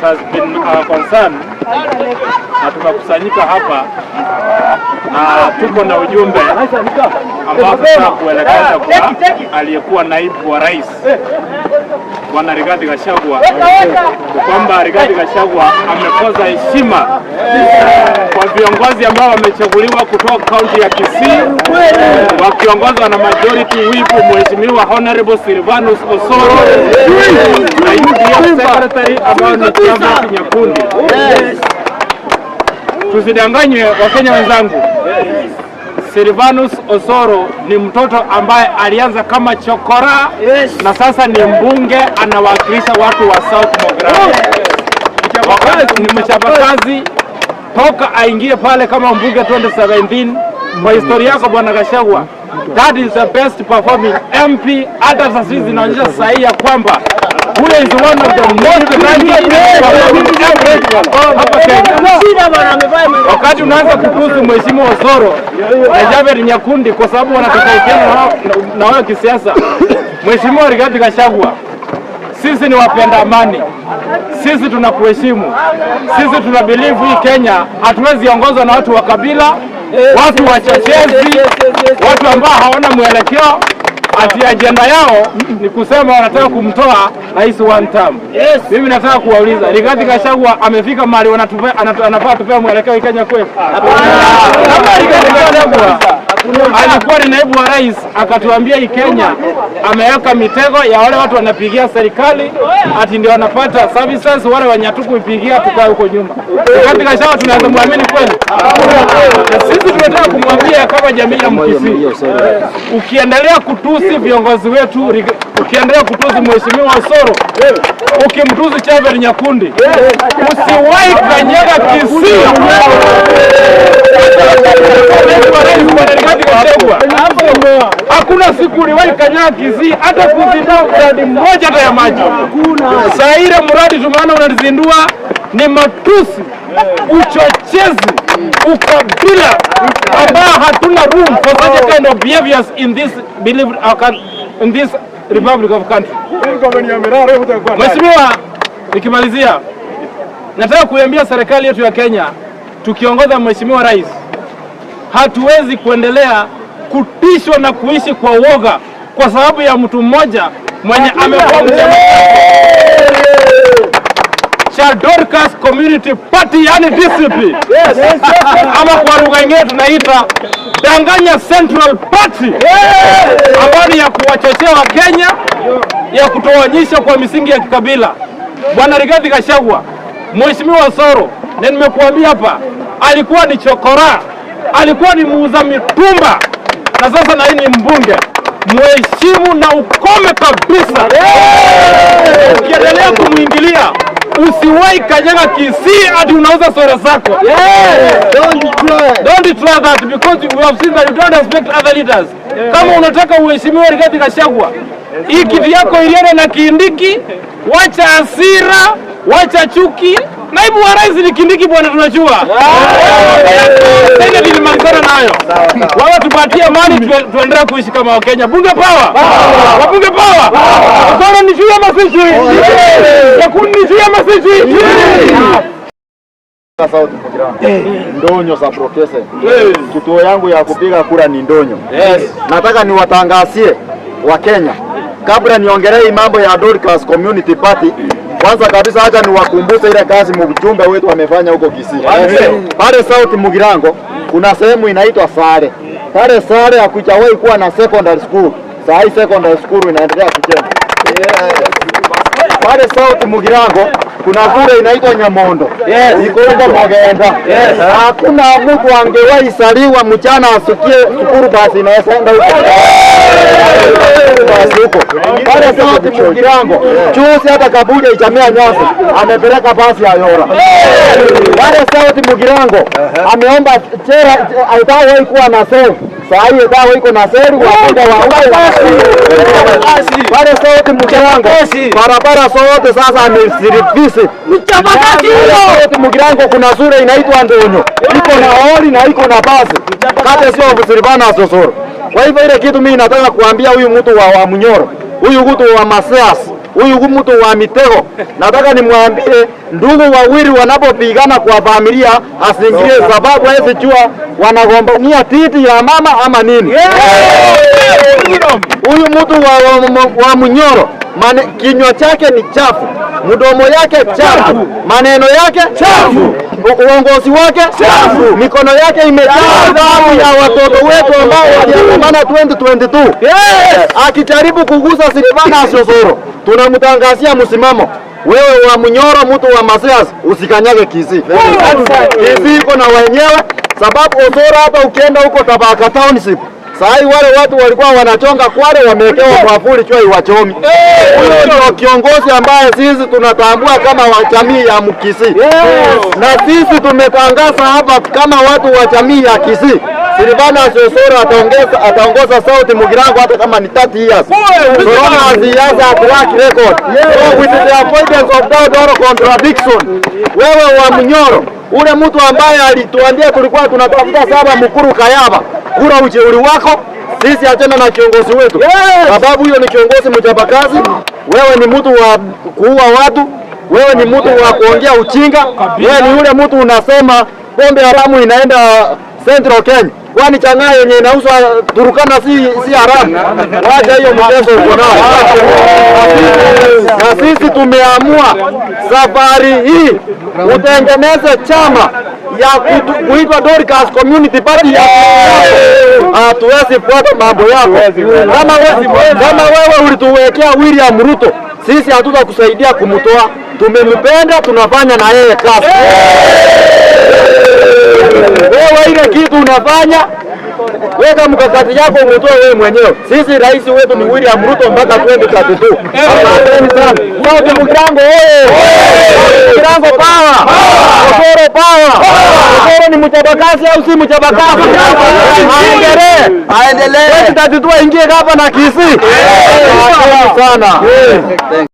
has been a ah, concern na tukakusanyika hapa na tuko na ujumbe ambao tunataka kuelekeza kwa aliyekuwa naibu wa rais Bwana Rigathi Gachagua kwamba Rigathi Gachagua amekosa heshima kwa viongozi ambao wamechaguliwa kutoka kaunti ya Kisii wakiongozwa na majority whip Mheshimiwa Honorable Silvanus Osoro na UDF secretary ambao ni chama nyakundi. Tusidanganywe Wakenya wenzangu. Silvanus Osoro ni mtoto ambaye alianza kama chokora yes, na sasa ni mbunge anawakilisha watu wa South Mogran. Yes. Ni mchapakazi toka aingie pale kama mbunge 2017. Kwa historia yako Bwana Gachagua That is the best performing MP. Hata sasa hizi zinaonyesha sahihi ya kwamba huyo is one of the most Wakati unaanza kukuhusu Mheshimiwa Osoro na Javeri Nyakundi kwa sababu wanatofautiana na wao kisiasa. Mheshimiwa Rigathi Gachagua, sisi ni wapenda amani, sisi tunakuheshimu, sisi tuna believe hii Kenya hatuwezi ongozwa na watu wa kabila watu wachochezi, watu ambao hawana mwelekeo ati ajenda yao ni kusema wanataka kumtoa rais one term. Yes. Mimi nataka kuwauliza Rigathi Gachagua amefika mahali anafaa tupea mwelekeo Kenya kweli? alikuwa ni naibu wa rais, akatuambia hii Kenya ameweka mitego ya wale watu wanapigia serikali ati ndio wanapata services, wale wanyatuku hatukuipigia tukae huko nyuma. Katika shawa tunaweza muamini kweli? Sisi tunataka kumwambia kama jamii ya Mkisii, ukiendelea kutusi viongozi wetu, ukiendelea kutusi Mheshimiwa Osoro, ukimtusi Chaveri Nyakundi, usiwahi kanyaga Kisii. Hakuna siku uliwahi kanyaga Kisii hata kuzindua mradi mmoja hata ya maji. Saa ile mradi tumeona unazindua ni matusi, uchochezi, ukabila ambao hatuna room for such kind of behaviors in this uh, in this republic of country. Mheshimiwa, nikimalizia nataka kuiambia serikali yetu ya Kenya tukiongoza Mheshimiwa Rais, hatuwezi kuendelea kutishwa na kuishi kwa uoga kwa sababu ya mtu mmoja mwenye amekuwa mchama cha Dorcas Community Party, yani DCP, ama kwa lugha nyingine tunaita Danganya Central Party, ambayo ni ya kuwachochea wa kenya ya kutoonyesha kwa misingi ya kikabila. Bwana Rigathi Gachagua Mheshimiwa Soro, na nimekuambia hapa, alikuwa ni chokora, alikuwa ni muuza mitumba na sasa na yeye ni mbunge. Mheshimu na ukome kabisa, ukiendelea kumwingilia usiwahi kanyaga Kisii hadi unauza sore zako. Don't try. Don't try that because we have seen that you don't respect other leaders. Kama unataka uheshimiwe Rigathi Gachagua, hii kiti yako iliende na Kindiki, wacha hasira wacha chuki. Naibu wa rais ni Kindiki bwana, tunajua mazara nayo wao, tupatie mali, tuendelee kuishi kama Wakenya. Bunge power, wabunge pawa, mkono ni juu ya masisi, oh, yakundi ni juu ya masisi ndonyo za Kituo yangu ya kupiga kura ni ndonyo. Nataka niwatangazie Wakenya kabla niongelee mambo ya Dorcas Community Party kwanza kabisa acha niwakumbuse ile kazi mjumbe wetu amefanya huko Kisii. Pale South Mugirango kuna sehemu inaitwa Sare. Pale Sare hakujawahi kuwa na secondary school. Sasa hii secondary school inaendelea kujengwa. Pale South Mugirango kuna kule inaitwa Nyamondo yes. iko huko Magenda. yes. Hakuna mtu angewahi saliwa mchana asikie shukuru, basi inaenda huko basi huko pale sauti kirango chuse hata kabuja ichamia nyasi amepeleka basi ya Yora pale sauti Mugirango ameomba chera, haitawahi kuwa na sefu Saa hiyo dawa iko na seli wale sote Mkirango, barabara sote sasa ni sirivisi sote Mkirango. Kuna sura inaitwa Ndonyo iko na oli na iko na basi kate sio ofisiribana sosoro. Kwa hivyo ile kitu mimi nataka kuambia huyu mtu wa, wa mnyoro huyu mtu wa Masasi huyu mtu wa mitego. Nataka nimwambie ndugu wawili wanapopigana kwa familia asingie, sababu hawezi jua wanagombania titi ya mama ama nini. Huyu mtu wa, wa, wa Munyoro kinywa chake ni chafu, mdomo yake chafu, maneno yake chafu uongozi wake chafu, mikono yake imejaa damu ya watoto wetu ambao waliandamana 2022. Yes. Akijaribu kugusa Silvana Asosoro tunamtangazia msimamo wewe wa Munyoro, mtu wa Maseas, usikanyage Kisii. Kisii iko na wenyewe, sababu Osoro hata ukienda huko Tabaka Township Sai wale watu walikuwa wanachonga kwale, wamewekewa mwavuli chwa iwachomi. Huyo hey, ndio kiongozi ambaye sisi tunatambua kama wa jamii ya Mkisii yes. Na sisi tumetangaza hapa kama watu wa jamii ya Kisii Silvana Sosoro ataongeza ataongoza sauti Mugirango hata kama ni 30 years. Corona aziaza track record. Yes. So with the appointment of doubt or contradiction. Wewe wa Mnyoro, ule mtu ambaye alituambia tulikuwa tunatafuta saba mkuru Kayaba kura ujeuri wako. Sisi hatenda na kiongozi wetu sababu yes. Hiyo ni kiongozi mchapakazi. Wewe ni mtu wa kuua watu, wewe ni mtu wa kuongea uchinga, wewe ni yule mtu unasema pombe haramu inaenda Central Kenya kwani chang'aa yenye inauzwa ah, Turukana si si haramu. Wacha hiyo mchezo uko nao, na sisi tumeamua safari hii utengeneze chama ya kuitwa Dorcas Community Party. Hatuwezi fuata mambo yako kama wewe, kama wewe ulituwekea William Ruto, sisi hatutakusaidia kumtoa. Tumempenda, tunafanya na yeye kazi. Wewe ile kitu unafanya, weka mkakati yako umetoa wewe mwenyewe. Sisi rais wetu ni William Ruto mpaka 2032. Asanteni sana. Sauti Mkirango wewe. Mkirango pawa! Okoro pawa! Okoro ni mchabakazi au si mchabakazi? Aendelee, aendelee. 2032 ingie hapa na Kisii. Asanteni sana.